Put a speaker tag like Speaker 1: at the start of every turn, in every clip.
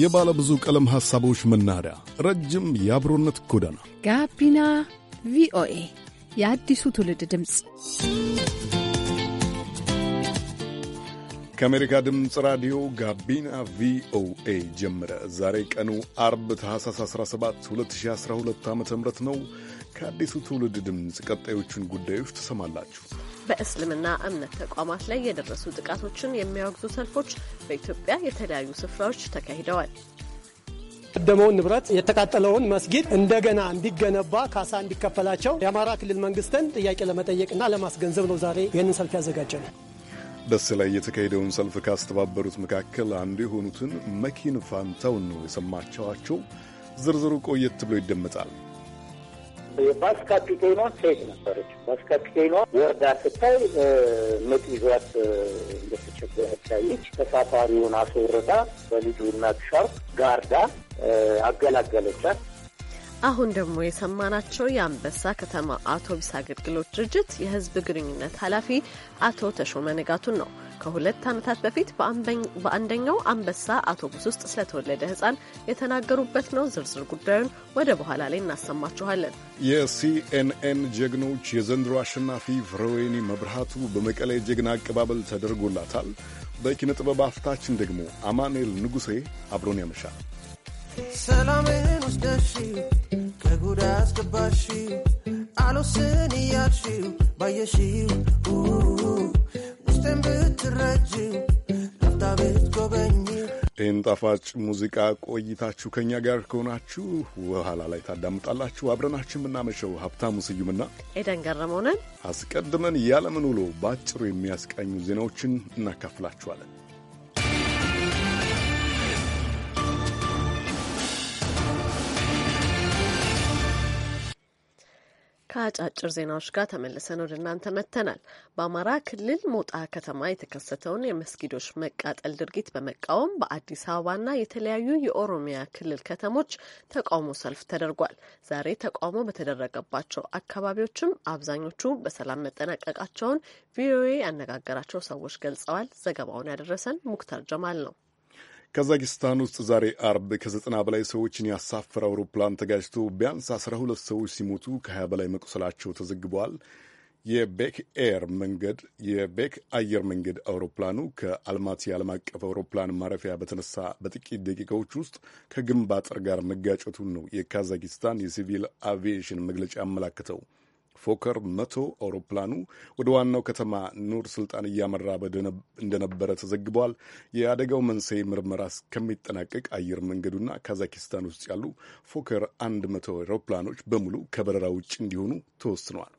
Speaker 1: የባለ ብዙ ቀለም ሐሳቦች መናኸሪያ፣ ረጅም የአብሮነት ጎዳና ጋቢና ቪኦኤ
Speaker 2: የአዲሱ ትውልድ ድምፅ
Speaker 1: ከአሜሪካ ድምፅ ራዲዮ ጋቢና ቪኦኤ ጀመረ። ዛሬ ቀኑ አርብ ታህሳስ 17 2012 ዓ ም ነው። ከአዲሱ ትውልድ ድምፅ ቀጣዮቹን ጉዳዮች ትሰማላችሁ።
Speaker 2: በእስልምና እምነት ተቋማት ላይ የደረሱ ጥቃቶችን የሚያወግዙ ሰልፎች በኢትዮጵያ የተለያዩ ስፍራዎች ተካሂደዋል።
Speaker 1: ቀደመውን
Speaker 3: ንብረት የተቃጠለውን መስጊድ እንደገና እንዲገነባ ካሳ እንዲከፈላቸው የአማራ ክልል መንግስትን ጥያቄ ለመጠየቅና ለማስገንዘብ ነው ዛሬ ይህንን ሰልፍ ያዘጋጀ ነው።
Speaker 1: ደሴ ላይ የተካሄደውን ሰልፍ ካስተባበሩት መካከል አንዱ የሆኑትን መኪን ፋንታውን ነው የሰማቸዋቸው። ዝርዝሩ ቆየት ብሎ ይደመጣል።
Speaker 4: የባስ ካፒቴኗ ሴት ነበረች። ባስ ካፒቴኗ ወርዳ ስታይ ምጥ ይዟት እንደተቸገረች አየች። ተሳፋሪውን አስወርዳ በልጁ እናት ሻርፕ ጋርዳ አገላገለቻት።
Speaker 2: አሁን ደግሞ የሰማናቸው የአንበሳ ከተማ አውቶቡስ አገልግሎት ድርጅት የሕዝብ ግንኙነት ኃላፊ አቶ ተሾመ ንጋቱን ነው። ከሁለት ዓመታት በፊት በአንደኛው አንበሳ አውቶቡስ ውስጥ ስለተወለደ ህፃን የተናገሩበት ነው። ዝርዝር ጉዳዩን ወደ በኋላ ላይ እናሰማችኋለን።
Speaker 1: የሲኤንኤን ጀግኖች የዘንድሮ አሸናፊ ፍሬወይኒ መብርሃቱ በመቀሌ ጀግና አቀባበል ተደርጎላታል። በኪነ ጥበብ አፍታችን ደግሞ አማኑኤል ንጉሴ አብሮን ያመሻል።
Speaker 5: ሰላሜን ውስደሽ ከጉዳ አስገባሽ አሎስን እያልሽው ባየሽው ውስጤን ብትረጅው ላፍታ ቤት ጎበኝ።
Speaker 1: ይህን ጣፋጭ ሙዚቃ ቆይታችሁ ከእኛ ጋር ከሆናችሁ በኋላ ላይ ታዳምጣላችሁ። አብረናችሁ የምናመሸው ሀብታሙ ስዩምና
Speaker 2: ኤደን ገረመው ነን።
Speaker 1: አስቀድመን ያለምን ውሎ በአጭሩ የሚያስቃኙ ዜናዎችን እናካፍላችኋለን።
Speaker 2: ከአጫጭር ዜናዎች ጋር ተመልሰን ወደ እናንተ መጥተናል። በአማራ ክልል ሞጣ ከተማ የተከሰተውን የመስጊዶች መቃጠል ድርጊት በመቃወም በአዲስ አበባና የተለያዩ የኦሮሚያ ክልል ከተሞች ተቃውሞ ሰልፍ ተደርጓል። ዛሬ ተቃውሞ በተደረገባቸው አካባቢዎችም አብዛኞቹ በሰላም መጠናቀቃቸውን ቪኦኤ ያነጋገራቸው ሰዎች ገልጸዋል። ዘገባውን ያደረሰን ሙክታር ጀማል ነው።
Speaker 1: ካዛኪስታን ውስጥ ዛሬ አርብ ከዘጠና በላይ ሰዎችን ያሳፈረ አውሮፕላን ተጋጅቶ ቢያንስ 12 ሰዎች ሲሞቱ ከ20 በላይ መቁሰላቸው ተዘግበዋል። የቤክ ኤር መንገድ የቤክ አየር መንገድ አውሮፕላኑ ከአልማቲ ዓለም አቀፍ አውሮፕላን ማረፊያ በተነሳ በጥቂት ደቂቃዎች ውስጥ ከግንብ አጥር ጋር መጋጨቱን ነው የካዛኪስታን የሲቪል አቪዬሽን መግለጫ ያመላክተው። ፎከር መቶ አውሮፕላኑ ወደ ዋናው ከተማ ኑር ስልጣን እያመራ እንደነበረ ተዘግበዋል። የአደጋው መንስኤ ምርመራ እስከሚጠናቀቅ አየር መንገዱና ካዛኪስታን ውስጥ ያሉ ፎከር አንድ መቶ አውሮፕላኖች በሙሉ ከበረራ ውጭ እንዲሆኑ ተወስነዋል።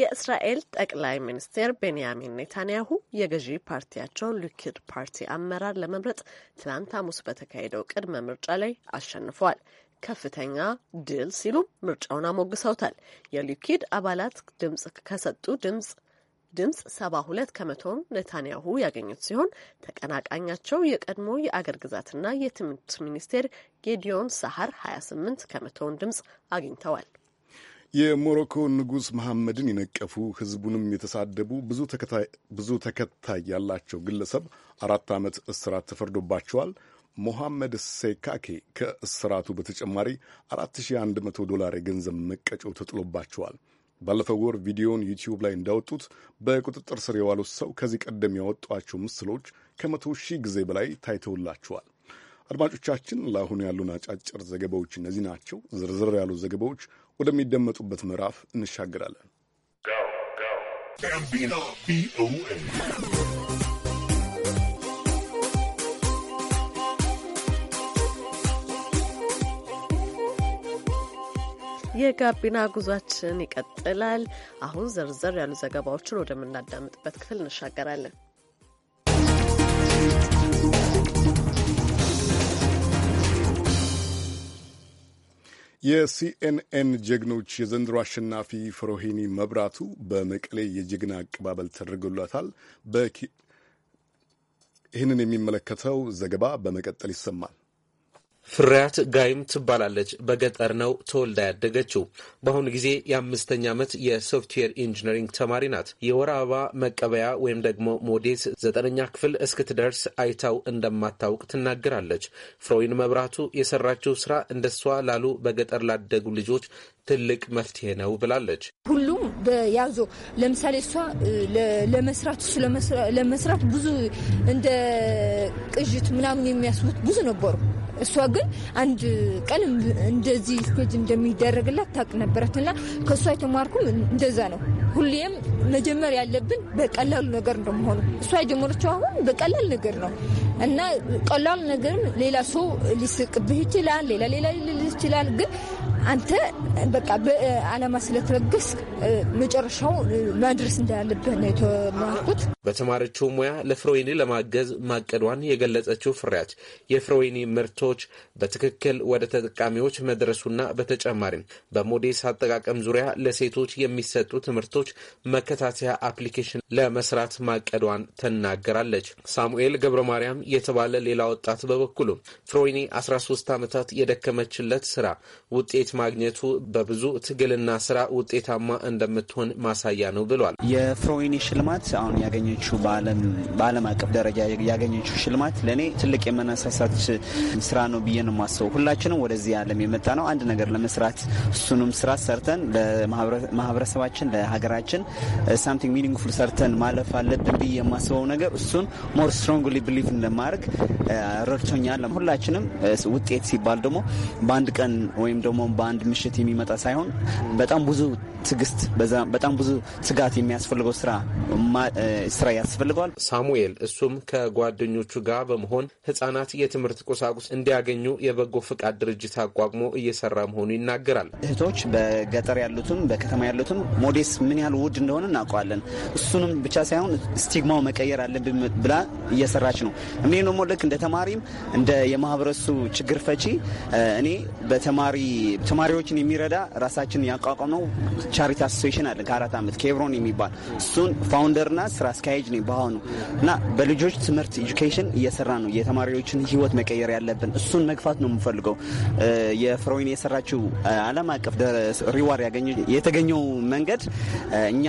Speaker 2: የእስራኤል ጠቅላይ ሚኒስትር ቤንያሚን ኔታንያሁ የገዢ ፓርቲያቸው ሊኩድ ፓርቲ አመራር ለመምረጥ ትናንት ሐሙስ በተካሄደው ቅድመ ምርጫ ላይ አሸንፈዋል። ከፍተኛ ድል ሲሉ ምርጫውን አሞግሰውታል። የሊኩድ አባላት ድምጽ ከሰጡ ድምጽ ድምጽ ሰባ ሁለት ከመቶውን ኔታንያሁ ያገኙት ሲሆን ተቀናቃኛቸው የቀድሞ የአገር ግዛትና የትምህርት ሚኒስቴር ጌዲዮን ሳሐር 28 ከመቶውን ድምጽ አግኝተዋል።
Speaker 1: የሞሮኮ ንጉሥ መሐመድን የነቀፉ ሕዝቡንም የተሳደቡ ብዙ ተከታይ ያላቸው ግለሰብ አራት ዓመት እስራት ተፈርዶባቸዋል። ሞሐመድ ሴካኬ ከእስራቱ በተጨማሪ 4100 ዶላር የገንዘብ መቀጮ ተጥሎባቸዋል። ባለፈው ወር ቪዲዮውን ዩቲዩብ ላይ እንዳወጡት በቁጥጥር ስር የዋሉት ሰው ከዚህ ቀደም ያወጧቸው ምስሎች ከመቶ ሺህ ጊዜ በላይ ታይተውላቸዋል። አድማጮቻችን፣ ለአሁኑ ያሉን አጫጭር ዘገባዎች እነዚህ ናቸው። ዝርዝር ያሉ ዘገባዎች ወደሚደመጡበት ምዕራፍ እንሻገራለን።
Speaker 2: የጋቢና ጉዟችን ይቀጥላል። አሁን ዘርዘር ያሉ ዘገባዎችን ወደምናዳምጥበት ክፍል እንሻገራለን።
Speaker 1: የሲኤንኤን ጀግኖች የዘንድሮ አሸናፊ ፍሮሄኒ መብራቱ በመቀሌ የጀግና አቀባበል ተደርጎላታል። ይህንን የሚመለከተው ዘገባ በመቀጠል ይሰማል።
Speaker 6: ፍሬያት ጋይም ትባላለች። በገጠር ነው ተወልዳ ያደገችው። በአሁኑ ጊዜ የአምስተኛ ዓመት የሶፍትዌር ኢንጂነሪንግ ተማሪ ናት። የወር አበባ መቀበያ ወይም ደግሞ ሞዴስ ዘጠነኛ ክፍል እስክትደርስ አይታው እንደማታውቅ ትናገራለች። ፍሮይን መብራቱ የሰራችው ስራ እንደሷ ላሉ በገጠር ላደጉ ልጆች ትልቅ መፍትሄ ነው ብላለች።
Speaker 7: ሁሉም በያዞ ለምሳሌ እሷ ለመስራት እሱ ለመስራት ብዙ እንደ ቅዥት ምናምን የሚያስቡት ብዙ ነበሩ። እሷ ግን አንድ ቀን እንደዚህ ስፔጅ እንደሚደረግላት ታቅ ነበረትና ከእሷ የተማርኩም እንደዛ ነው። ሁሌም መጀመር ያለብን በቀላሉ ነገር እንደመሆኑ እሷ የጀመረችው አሁን በቀላል ነገር ነው እና ቀላሉ ነገርም ሌላ ሰው ሊስቅብህ ይችላል፣ ሌላ ሌላ ሊል ይችላል። ግን አንተ በቃ በዓላማ ስለተለገስ መጨረሻው መድረስ እንዳለብህ ነው የተማርኩት።
Speaker 6: በተማረችው ሙያ ለፍሮይኒ ለማገዝ ማቀዷን የገለጸችው ፍሬያች የፍሮይኒ ምርቶች በትክክል ወደ ተጠቃሚዎች መድረሱና በተጨማሪም በሞዴስ አጠቃቀም ዙሪያ ለሴቶች የሚሰጡ ትምህርቶች መከታተያ አፕሊኬሽን ለመስራት ማቀዷን ትናገራለች። ሳሙኤል ገብረ ማርያም የተባለ ሌላ ወጣት በበኩሉ ፍሮይኒ 13 ዓመታት የደከመችለት ስራ ውጤት ማግኘቱ በ በብዙ ትግልና ስራ ውጤታማ እንደምትሆን ማሳያ ነው ብሏል።
Speaker 8: የፍሮዊኒ ሽልማት አሁን ያገኘችው በዓለም አቀፍ ደረጃ ያገኘችው ሽልማት ለእኔ ትልቅ የመነሳሳት ስራ ነው ብዬ ነው የማስበው። ሁላችንም ወደዚህ ዓለም የመጣ ነው አንድ ነገር ለመስራት እሱንም ስራ ሰርተን ለማህበረሰባችን፣ ለሀገራችን ሳምቲንግ ሚኒንግፉል ሰርተን ማለፍ አለብን ብዬ የማስበው ነገር እሱን ሞር ስትሮንግሊ ብሊቭ እንደማድረግ ረድቶኛል። ሁላችንም ውጤት ሲባል ደግሞ በአንድ ቀን ወይም ደግሞ በአንድ ምሽት የሚመጣ ሳይሆን በጣም ብዙ ትግስት፣ በጣም
Speaker 6: ብዙ ትጋት የሚያስፈልገው ስራ ያስፈልገዋል። ሳሙኤል እሱም ከጓደኞቹ ጋር በመሆን ህጻናት የትምህርት ቁሳቁስ እንዲያገኙ የበጎ ፍቃድ ድርጅት አቋቁሞ እየሰራ መሆኑ ይናገራል።
Speaker 8: እህቶች በገጠር ያሉትም በከተማ ያሉትም ሞዴስ ምን ያህል ውድ እንደሆነ እናውቀዋለን። እሱንም ብቻ ሳይሆን ስቲግማው መቀየር አለብን ብላ እየሰራች ነው። እኔ ደግሞ ልክ እንደ ተማሪም እንደ የማህበረሱ ችግር ፈቺ እኔ በተማሪ ተማሪዎችን የሚረዳ ራሳችን ያቋቋመው ቻሪቲ አሶሽን አለ ከአራት ዓመት ኬብሮን የሚባል እሱን ፋውንደርና ስራ አስኪያጅ ነኝ በአሁኑ እና በልጆች ትምህርት ኤጁኬሽን እየሰራ ነው። የተማሪዎችን ህይወት መቀየር ያለብን እሱን መግፋት ነው የምፈልገው። የፍሮይን የሰራችው ዓለም አቀፍ ሪዋር የተገኘው መንገድ እኛ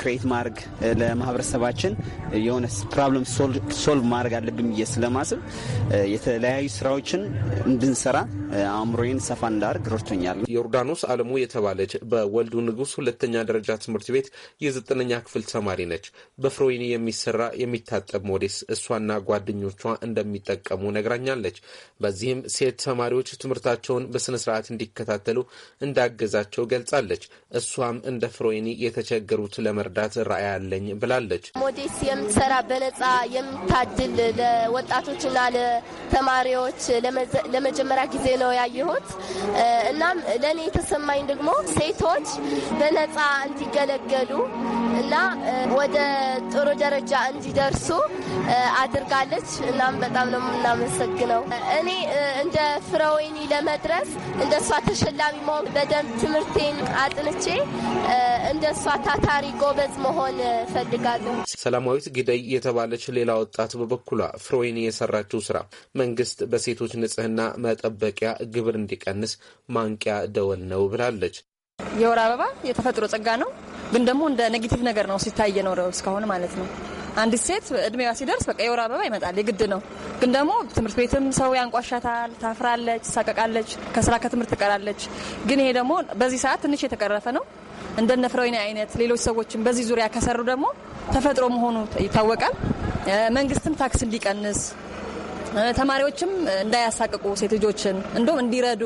Speaker 8: ክሬት ማድረግ ለማህበረሰባችን የሆነ ፕሮብለም ሶልቭ ማድረግ አለብን ብዬ ስለማስብ የተለያዩ ስራዎችን እንድንሰራ አእምሮዬን
Speaker 6: ሰፋ እንዳርግ ረድቶኛል። ዮርዳኖስ አለሙ የተባለች በወልዱ ንጉሥ ሁለተኛ ደረጃ ትምህርት ቤት የዘጠነኛ ክፍል ተማሪ ነች። በፍሮይኒ የሚሰራ የሚታጠብ ሞዴስ እሷና ጓደኞቿ እንደሚጠቀሙ ነግራኛለች። በዚህም ሴት ተማሪዎች ትምህርታቸውን በስነ ስርዓት እንዲከታተሉ እንዳገዛቸው ገልጻለች። እሷም እንደ ፍሮይኒ የተቸገሩት ለመርዳት ራዕይ አለኝ ብላለች።
Speaker 2: ሞዴስ የምትሰራ በነጻ የምታድል ለወጣቶችና ለተማሪዎች ለመጀመሪያ ጊዜ ነው ያየሁት። እናም ለእኔ የተሰ የተሰማኝ ደግሞ ሴቶች በነፃ እንዲገለገሉ እና ወደ ጥሩ ደረጃ እንዲደርሱ አድርጋለች። እናም በጣም ነው የምናመሰግነው። እኔ እንደ ፍረወይኒ ለመድረስ እንደ እሷ ተሸላሚ መሆን በደንብ ትምህርቴን አጥንቼ እንደ እሷ ታታሪ ጎበዝ መሆን ፈልጋለሁ።
Speaker 6: ሰላማዊት ግደይ የተባለች ሌላ ወጣት በበኩሏ ፍሮይን የሰራችው ስራ መንግስት በሴቶች ንጽህና መጠበቂያ ግብር እንዲቀንስ ማንቂያ ደወል ነው ብላለች።
Speaker 7: የወር አበባ የተፈጥሮ ጸጋ ነው፣ ግን ደግሞ እንደ ኔጌቲቭ ነገር ነው ሲታይ የኖረው እስካሁን ማለት ነው። አንዲት ሴት እድሜዋ ሲደርስ በቃ የወር አበባ ይመጣል፣ የግድ ነው። ግን ደግሞ ትምህርት ቤትም ሰው ያንቋሻታል፣ ታፍራለች፣ ትሳቀቃለች፣ ከስራ ከትምህርት ትቀራለች። ግን ይሄ ደግሞ በዚህ ሰዓት ትንሽ የተቀረፈ ነው። እንደነ ፍሬወይኒ አይነት ሌሎች ሰዎችም በዚህ ዙሪያ ከሰሩ ደግሞ ተፈጥሮ መሆኑ ይታወቃል። መንግስትም ታክስ እንዲቀንስ ተማሪዎችም እንዳያሳቅቁ ሴት ልጆችን እንዲሁም እንዲረዱ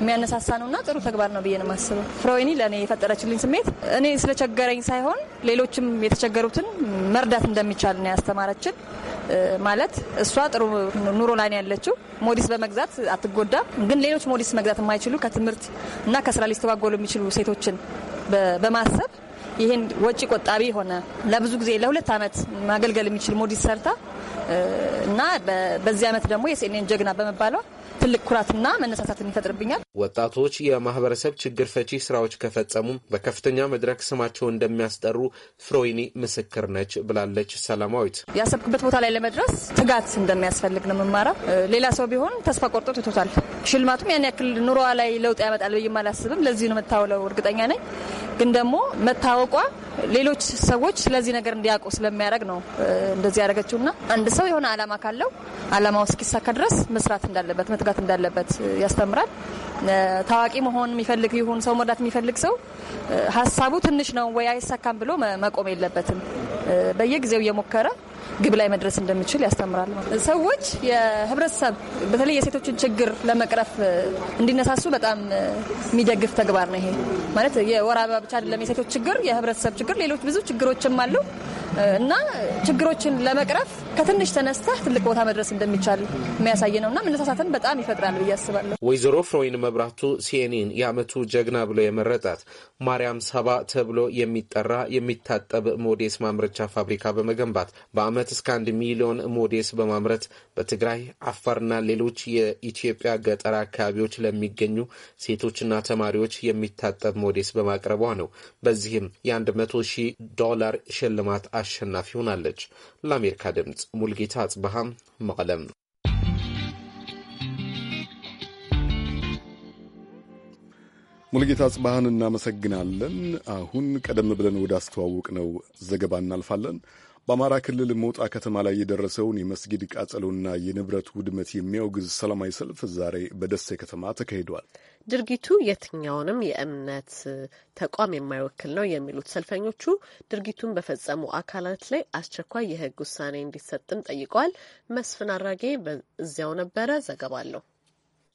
Speaker 7: የሚያነሳሳ ነውና ጥሩ ተግባር ነው ብዬ ነው የማስበው። ፍሮዌኒ ለእኔ የፈጠረችልኝ ስሜት እኔ ስለቸገረኝ ሳይሆን ሌሎችም የተቸገሩትን መርዳት እንደሚቻል ነው ያስተማረችን። ማለት እሷ ጥሩ ኑሮ ላይ ነው ያለችው። ሞዲስ በመግዛት አትጎዳም። ግን ሌሎች ሞዲስ መግዛት የማይችሉ ከትምህርት እና ከስራ ሊስተጓጎሉ የሚችሉ ሴቶችን በማሰብ ይህን ወጪ ቆጣቢ የሆነ ለብዙ ጊዜ ለሁለት ዓመት ማገልገል የሚችል ሞዲስ ሰርታ እና በዚህ ዓመት ደግሞ የሴኔን ጀግና በመባሏ ትልቅ ኩራትና መነሳሳትን ይፈጥርብኛል።
Speaker 6: ወጣቶች የማህበረሰብ ችግር ፈቺ ስራዎች ከፈጸሙ በከፍተኛ መድረክ ስማቸው እንደሚያስጠሩ ፍሮይኒ ምስክር ነች ብላለች። ሰላማዊት
Speaker 7: ያሰብክበት ቦታ ላይ ለመድረስ ትጋት እንደሚያስፈልግ ነው የምማረው። ሌላ ሰው ቢሆን ተስፋ ቆርጦ ትቶታል። ሽልማቱም ያን ያክል ኑሮዋ ላይ ለውጥ ያመጣል ብዬ አላስብም። ለዚህ ነው መታወለው እርግጠኛ ነኝ። ግን ደግሞ መታወቋ ሌሎች ሰዎች ስለዚህ ነገር እንዲያውቁ ስለሚያደርግ ነው እንደዚህ ያደረገችው። እና አንድ ሰው የሆነ አላማ ካለው አላማው እስኪሳካ ድረስ መስራት እንዳለበት መትጋት እንዳለበት ያስተምራል። ታዋቂ መሆን የሚፈልግ ይሁን ሰው መርዳት የሚፈልግ ሰው ሀሳቡ ትንሽ ነው ወይ አይሳካም ብሎ መቆም የለበትም። በየጊዜው እየሞከረ ግብ ላይ መድረስ እንደሚችል ያስተምራል። ሰዎች የህብረተሰብ በተለይ የሴቶችን ችግር ለመቅረፍ እንዲነሳሱ በጣም የሚደግፍ ተግባር ነው። ይሄ ማለት የወር አበባ ብቻ አይደለም የሴቶች ችግር፣ የህብረተሰብ ችግር፣ ሌሎች ብዙ ችግሮችም አሉ። እና ችግሮችን ለመቅረፍ ከትንሽ ተነስተህ ትልቅ ቦታ መድረስ እንደሚቻል የሚያሳይ ነው እና መነሳሳትን በጣም ይፈጥራል ብዬ አስባለሁ።
Speaker 6: ወይዘሮ ፍሮይን መብራቱ ሲኤንኤን የዓመቱ ጀግና ብሎ የመረጣት ማርያም ሰባ ተብሎ የሚጠራ የሚታጠብ ሞዴስ ማምረቻ ፋብሪካ በመገንባት በዓመት እስከ አንድ ሚሊዮን ሞዴስ በማምረት በትግራይ አፋርና ሌሎች የኢትዮጵያ ገጠር አካባቢዎች ለሚገኙ ሴቶችና ተማሪዎች የሚታጠብ ሞዴስ በማቅረቧ ነው። በዚህም የ100 ሺህ ዶላር ሽልማት አሸናፊ ሆናለች። ለአሜሪካ ድምፅ ሙልጌታ
Speaker 1: አጽበሃም መቀለም። ሙልጌታ ጽባህን እናመሰግናለን። አሁን ቀደም ብለን ወደ አስተዋውቅ ነው ዘገባ እናልፋለን። በአማራ ክልል መውጣ ከተማ ላይ የደረሰውን የመስጊድ ቃጠሎና የንብረት ውድመት የሚያውግዝ ሰላማዊ ሰልፍ ዛሬ በደሴ ከተማ ተካሂዷል።
Speaker 2: ድርጊቱ የትኛውንም የእምነት ተቋም የማይወክል ነው የሚሉት ሰልፈኞቹ ድርጊቱን በፈጸሙ አካላት ላይ አስቸኳይ የሕግ ውሳኔ እንዲሰጥም ጠይቀዋል። መስፍን አራጌ በዚያው ነበረ ዘገባ አለው።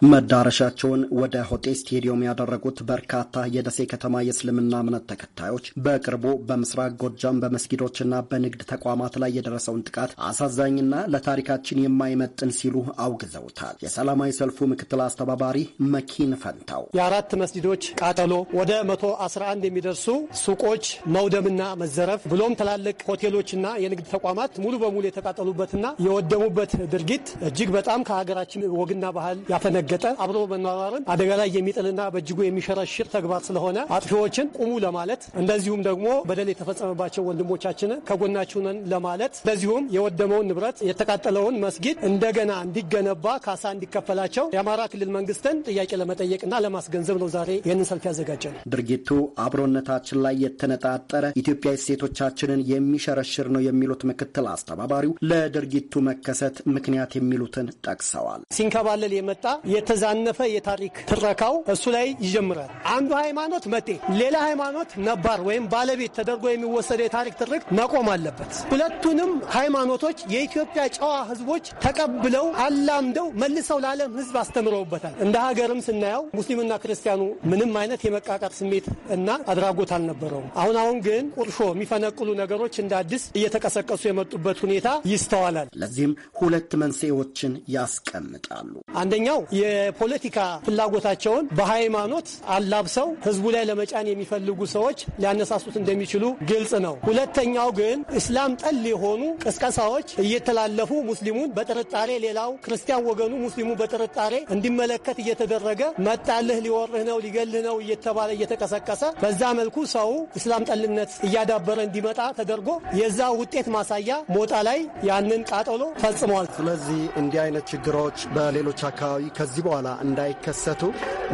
Speaker 9: መዳረሻቸውን ወደ ሆቴል ስቴዲየም ያደረጉት በርካታ የደሴ ከተማ የእስልምና እምነት ተከታዮች በቅርቡ በምስራቅ ጎጃም በመስጊዶችና በንግድ ተቋማት ላይ የደረሰውን ጥቃት አሳዛኝና ለታሪካችን የማይመጥን ሲሉ አውግዘውታል። የሰላማዊ ሰልፉ ምክትል አስተባባሪ መኪን
Speaker 3: ፈንታው የአራት መስጊዶች ቃጠሎ ወደ 111 የሚደርሱ ሱቆች መውደምና መዘረፍ ብሎም ትላልቅ ሆቴሎችና የንግድ ተቋማት ሙሉ በሙሉ የተቃጠሉበትና የወደሙበት ድርጊት እጅግ በጣም ከሀገራችን ወግና ባህል ያፈነገ ያፈነገጠ አብሮ መኗኗርን አደጋ ላይ የሚጥልና በእጅጉ የሚሸረሽር ተግባር ስለሆነ አጥፊዎችን ቁሙ ለማለት እንደዚሁም ደግሞ በደል የተፈጸመባቸው ወንድሞቻችንን ከጎናችሁ ነን ለማለት እንደዚሁም የወደመውን ንብረት የተቃጠለውን መስጊድ እንደገና እንዲገነባ ካሳ እንዲከፈላቸው የአማራ ክልል መንግስትን ጥያቄ ለመጠየቅና ለማስገንዘብ ነው ዛሬ ይህንን ሰልፍ ያዘጋጀ ነው።
Speaker 9: ድርጊቱ አብሮነታችን ላይ የተነጣጠረ ኢትዮጵያ እሴቶቻችንን የሚሸረሽር ነው የሚሉት ምክትል አስተባባሪው ለድርጊቱ መከሰት ምክንያት የሚሉትን ጠቅሰዋል።
Speaker 3: ሲንከባለል የመጣ የተዛነፈ የታሪክ ትረካው እሱ ላይ ይጀምራል። አንዱ ሃይማኖት መጤ፣ ሌላ ሃይማኖት ነባር ወይም ባለቤት ተደርጎ የሚወሰደ የታሪክ ትርክ መቆም አለበት። ሁለቱንም ሃይማኖቶች የኢትዮጵያ ጨዋ ህዝቦች ተቀብለው አላምደው መልሰው ለዓለም ህዝብ አስተምረውበታል። እንደ ሀገርም ስናየው ሙስሊምና ክርስቲያኑ ምንም አይነት የመቃቀር ስሜት እና አድራጎት አልነበረውም። አሁን አሁን ግን ቁርሾ የሚፈነቅሉ ነገሮች እንደ አዲስ እየተቀሰቀሱ የመጡበት ሁኔታ ይስተዋላል። ለዚህም
Speaker 9: ሁለት መንስኤዎችን ያስቀምጣሉ።
Speaker 3: አንደኛው የፖለቲካ ፍላጎታቸውን በሃይማኖት አላብሰው ህዝቡ ላይ ለመጫን የሚፈልጉ ሰዎች ሊያነሳሱት እንደሚችሉ ግልጽ ነው። ሁለተኛው ግን እስላም ጠል የሆኑ ቅስቀሳዎች እየተላለፉ ሙስሊሙን በጥርጣሬ ሌላው ክርስቲያን ወገኑ ሙስሊሙ በጥርጣሬ እንዲመለከት እየተደረገ መጣልህ፣ ሊወርህ ነው፣ ሊገልህ ነው እየተባለ እየተቀሰቀሰ በዛ መልኩ ሰው እስላም ጠልነት እያዳበረ እንዲመጣ ተደርጎ የዛ ውጤት ማሳያ ሞጣ ላይ ያንን ቃጠሎ ፈጽሟል። ስለዚህ እንዲህ አይነት ችግሮች በሌሎች አካባቢ ከዚህ በኋላ እንዳይከሰቱ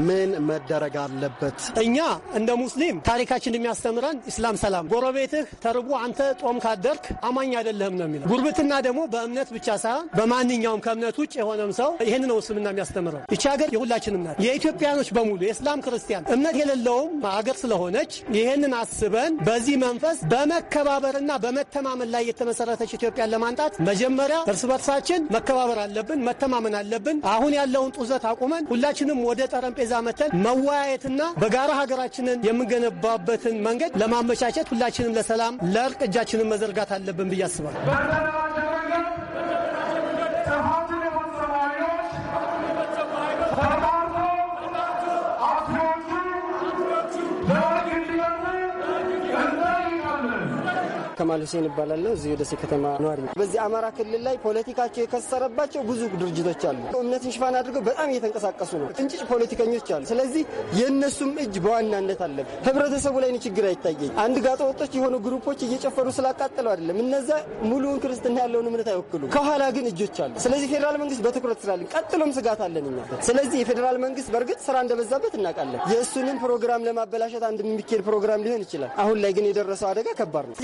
Speaker 3: ምን መደረግ አለበት? እኛ እንደ ሙስሊም ታሪካችን የሚያስተምረን ኢስላም ሰላም፣ ጎረቤትህ ተርቦ አንተ ጦም ካደርክ አማኝ አይደለህም ነው የሚለው። ጉርብትና ደግሞ በእምነት ብቻ ሳይሆን በማንኛውም ከእምነት ውጭ የሆነም ሰው ይህን ነው እስልምና የሚያስተምረው። ይቺ ሀገር የሁላችንም እምነት የኢትዮጵያኖች በሙሉ የእስላም ክርስቲያን፣ እምነት የሌለውም ሀገር ስለሆነች ይህንን አስበን በዚህ መንፈስ በመከባበርና በመተማመን ላይ የተመሰረተች ኢትዮጵያን ለማንጣት መጀመሪያ እርስ በርሳችን መከባበር አለብን፣ መተማመን አለብን። አሁን ያለውን ውዘት አቁመን ሁላችንም ወደ ጠረጴዛ መተን መወያየትና በጋራ ሀገራችንን የምንገነባበትን መንገድ ለማመቻቸት ሁላችንም ለሰላም ለእርቅ እጃችንን መዘርጋት አለብን ብዬ
Speaker 5: አስባለሁ።
Speaker 9: ከማል ሁሴን ይባላለሁ። እዚህ ደሴ ከተማ ነዋሪ። በዚህ አማራ ክልል ላይ ፖለቲካቸው የከሰረባቸው ብዙ ድርጅቶች አሉ። እምነትን ሽፋን አድርገው በጣም እየተንቀሳቀሱ ነው። እንጭጭ ፖለቲከኞች አሉ። ስለዚህ የእነሱም እጅ በዋናነት አለብን። ህብረተሰቡ ላይ ችግር አይታየኝ። አንድ ጋጠ ወጦች የሆኑ ግሩፖች እየጨፈሩ ስላቃጠለው አይደለም። እነዛ ሙሉውን ክርስትና ያለውን እምነት አይወክሉም። ከኋላ ግን እጆች አሉ። ስለዚህ ፌዴራል መንግስት በትኩረት ስላለን፣ ቀጥሎም ስጋት አለን እኛ። ስለዚህ የፌዴራል መንግስት በእርግጥ ስራ እንደበዛበት እናውቃለን። የእሱንም ፕሮግራም ለማበላሸት አንድ የሚካሄድ ፕሮግራም ሊሆን ይችላል። አሁን ላይ ግን የደረሰው አደጋ ከባድ ነው።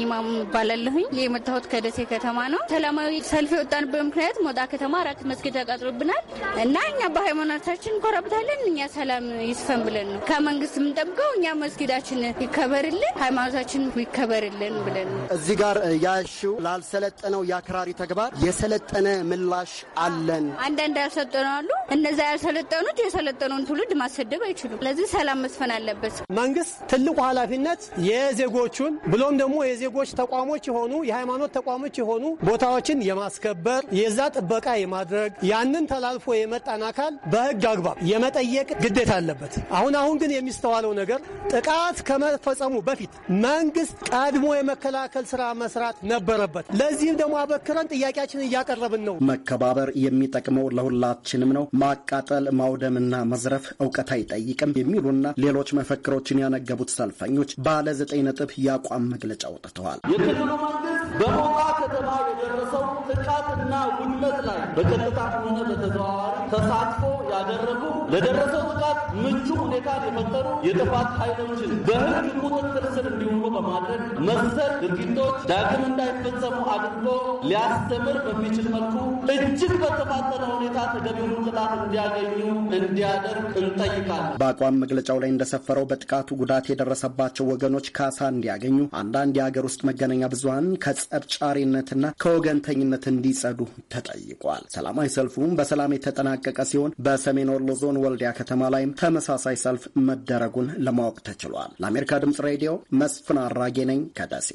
Speaker 8: ኢማም እባላለሁኝ። የመጣሁት ከደሴ ከተማ ነው። ሰላማዊ ሰልፍ የወጣንበት ምክንያት ሞጣ ከተማ አራት መስጊድ ተቃጥሎብናል እና እኛ በሃይማኖታችን እንኮረብታለን። እኛ ሰላም ይስፈን ብለን ነው ከመንግስት የምንጠብቀው። እኛ መስጊዳችን ይከበርልን፣ ሃይማኖታችን ይከበርልን ብለን ነው
Speaker 9: እዚህ ጋር ያልሺው። ላልሰለጠነው የአክራሪ ተግባር
Speaker 3: የሰለጠነ ምላሽ አለን።
Speaker 8: አንዳንድ ያልሰለጠኑ አሉ። እነዛ ያልሰለጠኑት የሰለጠኑን ትውልድ ማሰደብ አይችሉም። ስለዚህ ሰላም መስፈን አለበት።
Speaker 3: መንግስት ትልቁ ኃላፊነት የዜጎቹን ብሎም ደግሞ የዜጎች ተቋሞች የሆኑ የሃይማኖት ተቋሞች የሆኑ ቦታዎችን የማስከበር የዛ ጥበቃ የማድረግ ያንን ተላልፎ የመጣን አካል በህግ አግባብ የመጠየቅ ግዴታ አለበት። አሁን አሁን ግን የሚስተዋለው ነገር ጥቃት ከመፈጸሙ በፊት መንግስት ቀድሞ የመከላከል ስራ መስራት ነበረበት። ለዚህም ደግሞ አበክረን ጥያቄያችን እያቀረብን ነው።
Speaker 9: መከባበር የሚጠቅመው ለሁላችንም ነው። ማቃጠል ማውደምና መዝረፍ እውቀት አይጠይቅም የሚሉና ሌሎች መፈክሮችን ያነገቡት ሰልፈኞች ባለ ዘጠኝ ነጥብ የአቋም መግለጫው አውጥተዋል። የክልሉ
Speaker 4: መንግስት በሞጣ ከተማ የደረሰው ጥቃትና ጉድለት ላይ በቀጥታ ሆነ በተዘዋዋሪ ተሳትፎ ያደረጉ ለደረሰው ጥቃት ምቹ ሁኔታ የፈጠሩ የጥፋት ኃይሎችን በሕግ ቁጥጥር ስር እንዲውሉ በማድረግ መሰል ድርጊቶች ዳግም
Speaker 8: እንዳይፈጸሙ አድርጎ ሊያስተምር በሚችል
Speaker 4: መልኩ እጅግ በተፋጠነ ሁኔታ ተገቢውን ቅጣት እንዲያገኙ እንዲያደርግ እንጠይቃለን።
Speaker 9: በአቋም መግለጫው ላይ እንደሰፈረው በጥቃቱ ጉዳት የደረሰባቸው ወገኖች ካሳ እንዲያገኙ አንዳንድ የሀገር ውስጥ መገናኛ ብዙሀን ከጸር ጫሪ ከዘረኝነትና ከወገንተኝነት እንዲጸዱ ተጠይቋል። ሰላማዊ ሰልፉም በሰላም የተጠናቀቀ ሲሆን በሰሜን ወሎ ዞን ወልዲያ ከተማ ላይም ተመሳሳይ ሰልፍ መደረጉን ለማወቅ ተችሏል። ለአሜሪካ ድምጽ ሬዲዮ መስፍን አራጌ ነኝ ከደሴ።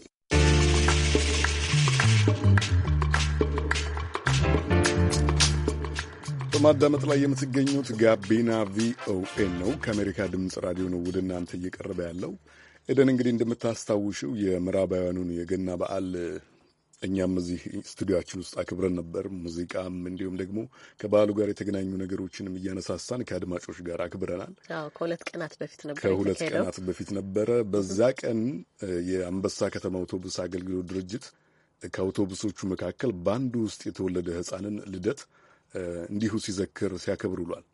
Speaker 1: በማዳመጥ ላይ የምትገኙት ጋቢና ቪኦኤ ነው። ከአሜሪካ ድምፅ ራዲዮ ነው ወደ እናንተ እየቀረበ ያለው። ኤደን እንግዲህ እንደምታስታውሽው የምዕራባውያኑን የገና በዓል እኛም እዚህ ስቱዲዮችን ውስጥ አክብረን ነበር። ሙዚቃም እንዲሁም ደግሞ ከበዓሉ ጋር የተገናኙ ነገሮችንም እያነሳሳን ከአድማጮች ጋር አክብረናል።
Speaker 2: ከሁለት ቀናት በፊት ነበር ከሁለት ቀናት
Speaker 1: በፊት ነበረ። በዛ ቀን የአንበሳ ከተማ አውቶቡስ አገልግሎት ድርጅት ከአውቶቡሶቹ መካከል በአንዱ ውስጥ የተወለደ ሕፃንን ልደት እንዲሁ ሲዘክር ሲያከብር ውሏል።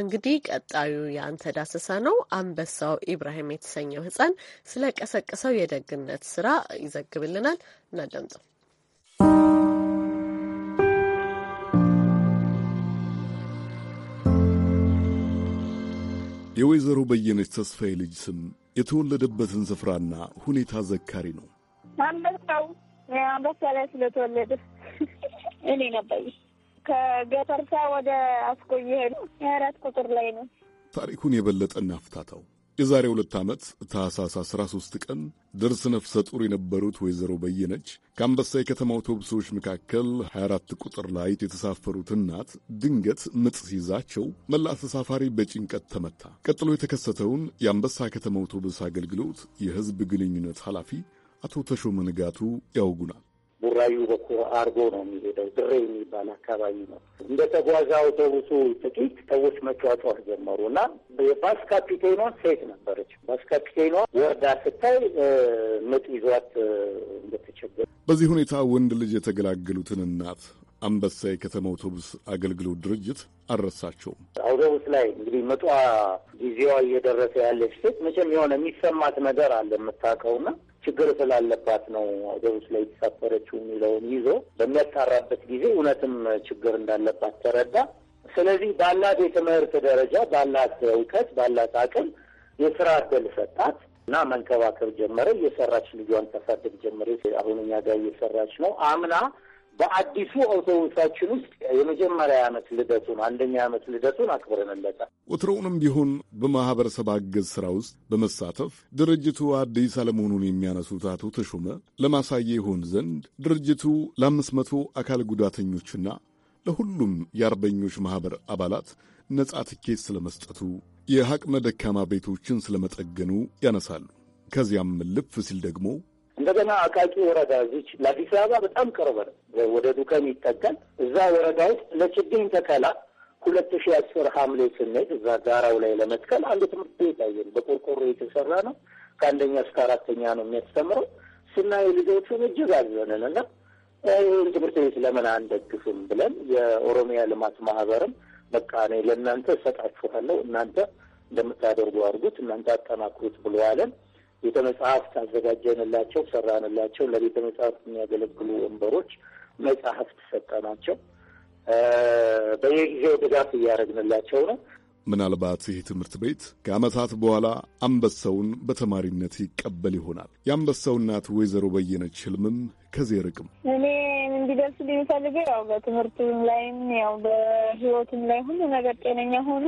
Speaker 2: እንግዲህ ቀጣዩ የአንተ ዳሰሳ ነው። አንበሳው ኢብራሂም የተሰኘው ህፃን ስለ ቀሰቀሰው የደግነት ስራ ይዘግብልናል። እናደምጠው።
Speaker 1: የወይዘሮ በየነች ተስፋዬ ልጅ ስም የተወለደበትን ስፍራና ሁኔታ ዘካሪ ነው።
Speaker 10: አንበሳው አንበሳ ላይ ስለተወለደ እኔ ነበር ከገፈርሳ ወደ አስኮ እየሄዱ የአራት ቁጥር ላይ ነው።
Speaker 1: ታሪኩን የበለጠ እናፍታታው። የዛሬ ሁለት ዓመት ታኅሳስ 13 ቀን ድርስ ነፍሰ ጡር የነበሩት ወይዘሮ በየነች ከአንበሳ የከተማ አውቶቡሶች መካከል 24 ቁጥር ላይ የተሳፈሩት እናት ድንገት ምጥ ሲይዛቸው መላ ተሳፋሪ በጭንቀት ተመታ። ቀጥሎ የተከሰተውን የአንበሳ ከተማ አውቶቡስ አገልግሎት የሕዝብ ግንኙነት ኃላፊ አቶ ተሾመ ንጋቱ ያውጉናል።
Speaker 4: ቡራዩ በኩር አርጎ ነው የሚሄደው። ድሬ የሚባል አካባቢ ነው። እንደ ተጓዘ አውቶቡሱ ጥቂት ሰዎች መጫጫት ጀመሩ እና የባስ ካፒቴኗ ሴት ነበረች። ባስ ካፒቴኗ ወርዳ ስታይ ምጥ ይዟት እንደተቸገረ
Speaker 1: በዚህ ሁኔታ ወንድ ልጅ የተገላገሉትን እናት አንበሳ የከተማ አውቶቡስ አገልግሎት ድርጅት አልረሳቸውም።
Speaker 4: አውቶቡስ ላይ እንግዲህ ምጧ ጊዜዋ እየደረሰ ያለች ሴት መቼም የሆነ የሚሰማት ነገር አለ የምታውቀውና ችግር ስላለባት ነው አውቶቡስ ላይ የተሳፈረችው የሚለውን ይዞ በሚያጣራበት ጊዜ እውነትም ችግር እንዳለባት ተረዳ። ስለዚህ ባላት የትምህርት ደረጃ ባላት እውቀት ባላት አቅም የስራ እድል ሰጣት እና መንከባከብ ጀመረ። እየሰራች ልጇን ተሳድግ ጀመረ። አሁን እኛ ጋር እየሰራች ነው። አምና በአዲሱ አውቶቡሳችን ውስጥ የመጀመሪያ ዓመት ልደቱን አንደኛ ዓመት ልደቱን አክብረንለታል።
Speaker 1: ወትሮውንም ቢሆን በማህበረሰብ አገዝ ስራ ውስጥ በመሳተፍ ድርጅቱ አዲስ አለመሆኑን የሚያነሱት አቶ ተሾመ ለማሳያ ይሆን ዘንድ ድርጅቱ ለአምስት መቶ አካል ጉዳተኞችና ለሁሉም የአርበኞች ማኅበር አባላት ነጻ ትኬት ስለመስጠቱ የአቅመ ደካማ ቤቶችን ስለመጠገኑ ያነሳሉ። ከዚያም ልፍ ሲል ደግሞ
Speaker 4: እንደገና አቃቂ ወረዳ እዚች ለአዲስ አበባ በጣም ቅርብ ነው፣ ወደ ዱከም ይጠጋል። እዛ ወረዳ ውስጥ ለችግኝ ተከላ ሁለት ሺ አስር ሐምሌ ስንሄድ እዛ ጋራው ላይ ለመትከል አንድ ትምህርት ቤት አየን። በቆርቆሮ የተሰራ ነው። ከአንደኛ እስከ አራተኛ ነው የሚያስተምረው። ስናይ ልጆቹን እጅግ አዘንን እና ይህን ትምህርት ቤት ለምን አንደግፍም ብለን የኦሮሚያ ልማት ማህበርም በቃ እኔ ለእናንተ እሰጣችኋለሁ እናንተ እንደምታደርጉ አድርጉት እናንተ አጠናክሩት ብሎ አለን። ቤተ መጽሐፍት አዘጋጀንላቸው፣ ሰራንላቸው። ለቤተ መጽሐፍት የሚያገለግሉ ወንበሮች፣ መጽሐፍት ሰጠናቸው። በየጊዜው ድጋፍ እያደረግንላቸው ነው።
Speaker 1: ምናልባት ይህ ትምህርት ቤት ከዓመታት በኋላ አንበሳውን በተማሪነት ይቀበል ይሆናል። የአንበሳው እናት ወይዘሮ በየነች ህልምም ከዚህ ርቅም
Speaker 10: እኔ እንዲደርስ የሚፈልገው ያው በትምህርቱም ላይም ያው በህይወቱም ላይ ሁሉ ነገር ጤነኛ ሆኖ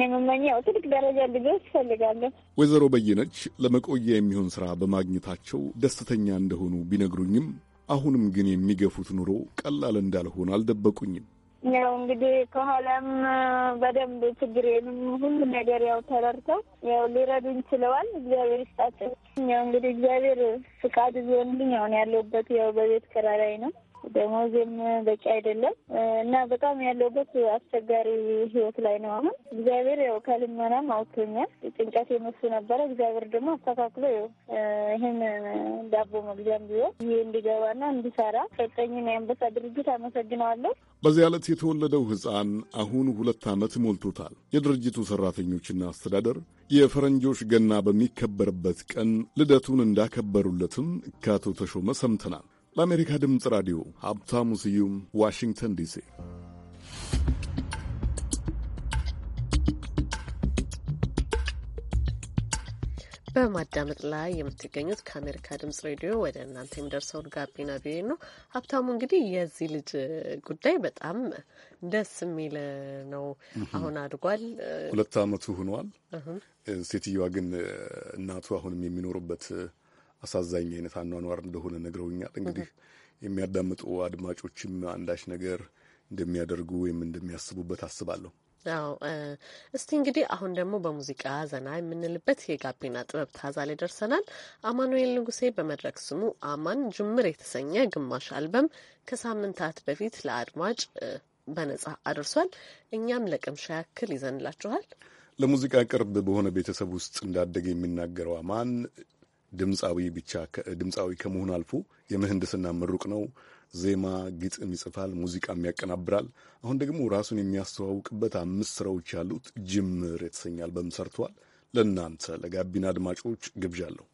Speaker 10: የምመኘው ትልቅ ደረጃ ልጆች ይፈልጋለሁ።
Speaker 1: ወይዘሮ በየነች ለመቆያ የሚሆን ስራ በማግኘታቸው ደስተኛ እንደሆኑ ቢነግሩኝም አሁንም ግን የሚገፉት ኑሮ ቀላል እንዳልሆነ አልደበቁኝም።
Speaker 10: ያው እንግዲህ ከኋላም በደንብ ችግሬንም ሁሉ ነገር ያው ተረድተው ያው ሊረዱኝ ችለዋል። እግዚአብሔር ይስጣቸው። ያው እንግዲህ እግዚአብሔር ፍቃድ ቢሆንልኝ አሁን ያለሁበት ያው በቤት ኪራይ ላይ ነው። ደሞዝም በቂ አይደለም እና በጣም ያለውበት አስቸጋሪ ህይወት ላይ ነው። አሁን እግዚአብሔር ያው ከልመናም አውጥቶኛል። ጭንቀት የመሱ ነበረ። እግዚአብሔር ደግሞ አስተካክሎ ይህን ዳቦ መግዣም ቢሆን ይሄ እንዲገባና እንዲሰራ ሰጠኝን የአንበሳ ድርጅት አመሰግነዋለሁ።
Speaker 1: በዚህ ዕለት የተወለደው ህፃን አሁን ሁለት ዓመት ሞልቶታል። የድርጅቱ ሰራተኞችና አስተዳደር የፈረንጆች ገና በሚከበርበት ቀን ልደቱን እንዳከበሩለትም ከአቶ ተሾመ ሰምተናል። ለአሜሪካ ድምፅ ራዲዮ ሀብታሙ ስዩም ዋሽንግተን ዲሲ።
Speaker 2: በማዳመጥ ላይ የምትገኙት ከአሜሪካ ድምጽ ሬዲዮ ወደ እናንተ የሚደርሰውን ጋቢና ቪኦኤ ነው። ሀብታሙ፣ እንግዲህ የዚህ ልጅ ጉዳይ በጣም ደስ የሚል ነው። አሁን አድጓል፣
Speaker 1: ሁለት አመቱ ሆኗል። ሴትዮዋ ግን እናቱ አሁንም የሚኖሩበት አሳዛኝ አይነት አኗኗር እንደሆነ ነግረውኛል። እንግዲህ የሚያዳምጡ አድማጮችም አንዳች ነገር እንደሚያደርጉ ወይም እንደሚያስቡበት አስባለሁ።
Speaker 2: አዎ እስቲ እንግዲህ አሁን ደግሞ በሙዚቃ ዘና የምንልበት የጋቢና ጥበብ ታዛ ላይ ደርሰናል። አማኑኤል ንጉሴ በመድረክ ስሙ አማን ጅምር የተሰኘ ግማሽ አልበም ከሳምንታት በፊት ለአድማጭ በነጻ አድርሷል። እኛም ለቅምሻ ያክል ይዘንላችኋል።
Speaker 1: ለሙዚቃ ቅርብ በሆነ ቤተሰብ ውስጥ እንዳደገ የሚናገረው አማን ድምፃዊ ብቻ ድምፃዊ ከመሆን አልፎ የምህንድስና ምሩቅ ነው። ዜማ ግጥም ይጽፋል፣ ሙዚቃም ያቀናብራል። አሁን ደግሞ ራሱን የሚያስተዋውቅበት አምስት ስራዎች ያሉት ጅምር የተሰኘ አልበም ሰርቷል። ለእናንተ ለጋቢና አድማጮች ግብዣ አለሁ።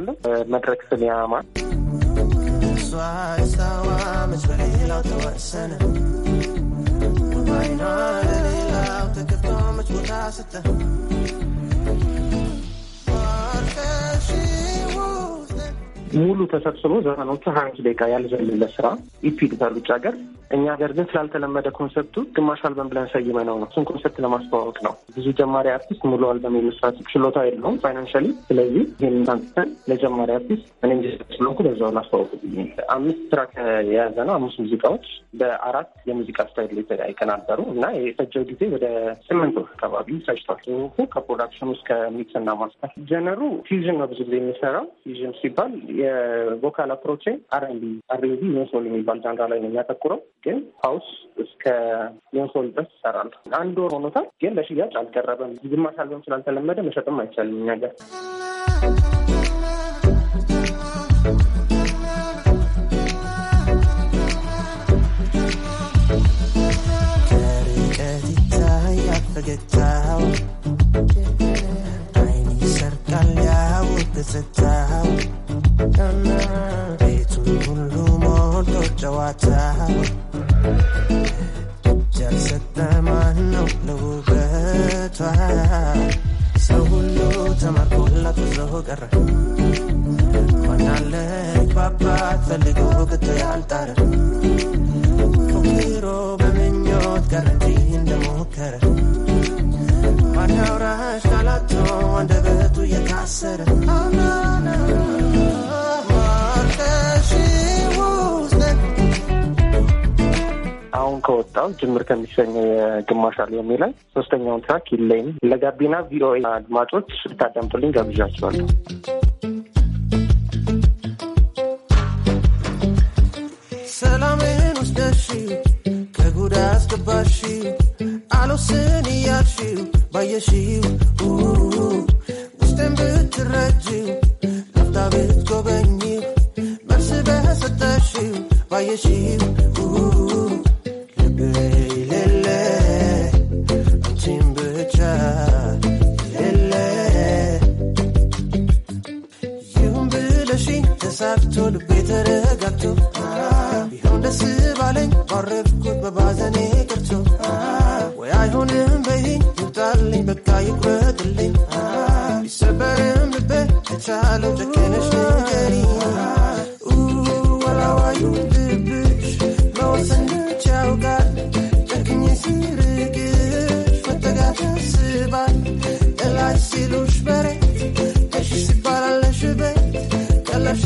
Speaker 10: እባላለሁ። መድረክ ስሜ አማ ሙሉ ተሰብስቦ ዘመኖቹ ሀያ አምስት ደቂቃ ያልዘለለ ስራ ይትይሉታል ውጭ ሀገር። እኛ ሀገር ግን ስላልተለመደ ኮንሰፕቱ ግማሽ አልበም ብለን ሰይመ ነው ነው እሱን ኮንሰፕት ለማስተዋወቅ ነው። ብዙ ጀማሪ አርቲስት ሙሉ አልበም የመስራት ችሎታ የለውም ፋይናንሻሊ። ስለዚህ ይህን አንስተን ለጀማሪ አርቲስት እኔ እንጂ ስለሆንኩ በዛው ላስተዋወቁ ብዬ አምስት ትራክ የያዘ ነው። አምስት ሙዚቃዎች በአራት የሙዚቃ ስታይል የተቀናበሩ እና የፈጀው ጊዜ ወደ ስምንት ወር አካባቢ ፈጅቷል። ከፕሮዳክሽን እስከ ሚክስ እና ማስተር ጀነሩ ፊዥን ነው ብዙ ጊዜ የሚሰራው ፊዥን ሲባል የቮካል አፕሮቼ አርንቢ አርንቢ ሞንሶል የሚባል ጃንራ ላይ ነው የሚያተኩረው። ግን ሀውስ እስከ ሞንሶል ድረስ ይሰራል። አንድ ወር ሆኖታል፣ ግን ለሽያጭ አልቀረበም። ግማሽ አልበም ስላልተለመደ መሸጥም አይቻልም እኛ ጋር ጋቢና ቪኦኤ አድማጮች ልታዳምጡልኝ ጋብዣቸዋለሁ።
Speaker 5: ሰላሜን ውስደሽ ከጉዳ አስገባሽ አልወስን እያልሽው ባየሽው ውስጤን ብትረጅው ለፍታ ብትጎበኝው መልስ በሰጠሽው ባየሽው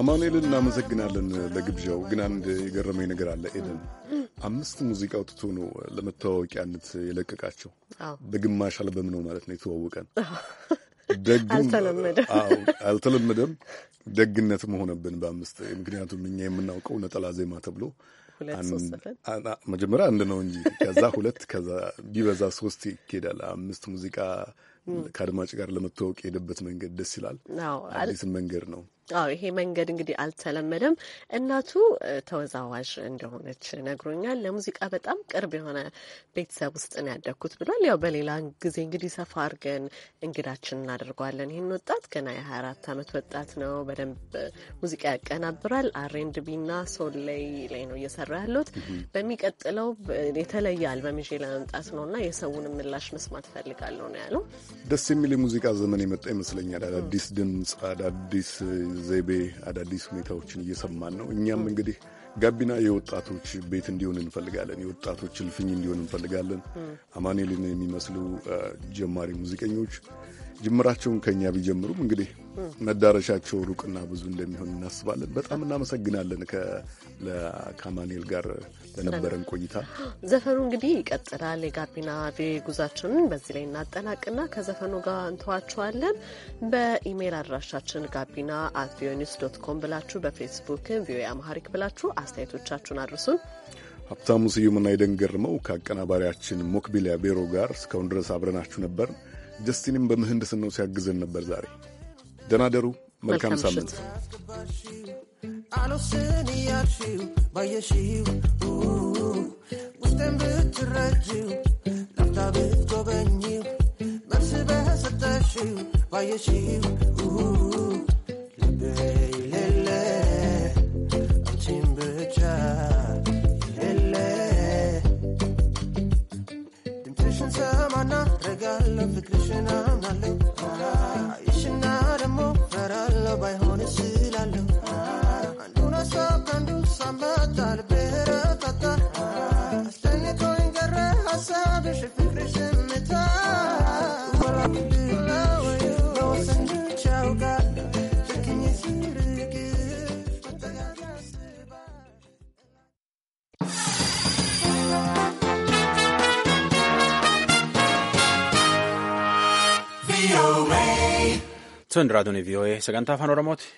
Speaker 1: አማኑኤልን እናመሰግናለን ለግብዣው። ግን አንድ የገረመኝ ነገር አለ ኤደን አምስት ሙዚቃ አውጥቶ ነው ለመተዋወቂያነት የለቀቃቸው። በግማሽ አልበም ነው ማለት ነው የተዋወቀን። አልተለመደም ደግነትም ሆነብን በአምስት ምክንያቱም እኛ የምናውቀው ነጠላ ዜማ ተብሎ መጀመሪያ አንድ ነው እንጂ ከዛ ሁለት ከዛ ቢበዛ ሶስት ይሄዳል። አምስት ሙዚቃ ከአድማጭ ጋር ለመተዋወቅ የሄደበት መንገድ ደስ ይላል። አዲስን መንገድ ነው
Speaker 2: አዎ ይሄ መንገድ እንግዲህ አልተለመደም። እናቱ ተወዛዋዥ እንደሆነች ነግሮኛል። ለሙዚቃ በጣም ቅርብ የሆነ ቤተሰብ ውስጥ ነው ያደግኩት ብሏል። ያው በሌላ ጊዜ እንግዲህ ሰፋ አድርገን እንግዳችን እናደርገዋለን። ይህን ወጣት ገና የ አራት አመት ወጣት ነው። በደንብ ሙዚቃ ያቀናብራል። አሬንድ ቢና ሶል ላይ ነው እየሰራ ያለት በሚቀጥለው የተለየ አልበም ይዤ ለመምጣት ነው እና የሰውን ምላሽ መስማት ፈልጋለሁ ነው ያለው።
Speaker 1: ደስ የሚል የሙዚቃ ዘመን የመጣ ይመስለኛል። አዳዲስ ድምፅ አዳዲስ ዘይቤ፣ አዳዲስ ሁኔታዎችን እየሰማን ነው። እኛም እንግዲህ ጋቢና የወጣቶች ቤት እንዲሆን እንፈልጋለን። የወጣቶች እልፍኝ እንዲሆን እንፈልጋለን። አማኔልን የሚመስሉ ጀማሪ ሙዚቀኞች ጅምራቸውን ከኛ ቢጀምሩም እንግዲህ መዳረሻቸው ሩቅና ብዙ እንደሚሆን እናስባለን። በጣም እናመሰግናለን ከአማኑኤል ጋር ለነበረን ቆይታ።
Speaker 2: ዘፈኑ እንግዲህ ይቀጥላል። የጋቢና ቪ ጉዛችንን በዚህ ላይ እናጠናቅና ከዘፈኑ ጋር እንተዋችኋለን። በኢሜይል አድራሻችን ጋቢና አት ቪኦኤ ኒውስ ዶት ኮም ብላችሁ በፌስቡክ ቪኦኤ አማሪክ ብላችሁ አስተያየቶቻችሁን አድርሱን።
Speaker 1: ሀብታሙ ስዩምና የደንገርመው ከአቀናባሪያችን ሞክቢሊያ ቤሮ ጋር እስካሁን ድረስ አብረናችሁ ነበር። ጀስቲንም ነው ሲያግዘን ነበር። ዛሬ ደናደሩ። መልካም ሳምንት።
Speaker 5: አልወስን እያልሽው ባየሽው ውስጤን ብትረጂው ላፍታ ብትጎበኚው መልስ በሰጠሽው ባየሽው
Speaker 6: Toon duraatonni VOA e. sagantaa afaan Oromooti.